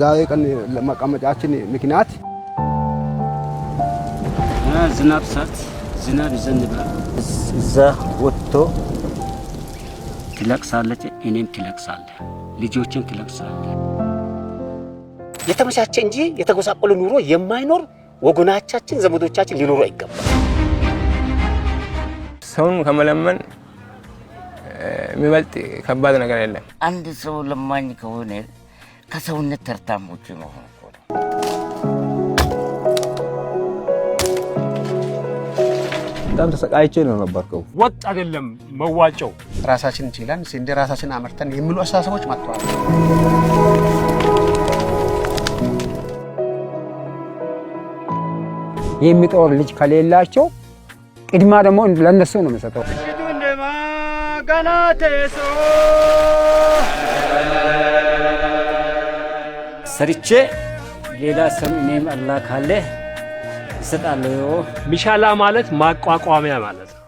ዛሬ ቀን ለመቀመጫችን ምክንያት ዝናብ ሰዓት ዝናብ ይዘንባል። እዛ ወጥቶ ትለቅሳለች፣ እኔም ትለቅሳለ፣ ልጆችም ትለቅሳለ። የተመቻቸ እንጂ የተጎሳቆለ ኑሮ የማይኖር ወገናቻችን ዘመዶቻችን ሊኖሩ አይገባም። ሰውን ከመለመን የሚበልጥ ከባድ ነገር የለም። አንድ ሰው ለማኝ ከሆነ ከሰውነት ተርታም ውጭ መሆን እኮ ነው። በጣም ተሰቃይቼ ነው ነበርከው። ወጥ አይደለም መዋጨው ራሳችን እንችላለን፣ ስንዴ ራሳችን አመርተን የሚሉ አስተሳሰቦች መጥተዋል። የሚጦር ልጅ ከሌላቸው ቅድማ ደግሞ ለእነሱ ነው የሚሰጠው። ሰርቼ ሌላ ስም እኔም አላ ካለ ይሰጣለሁ። ሚሻላ ማለት ማቋቋሚያ ማለት ነው።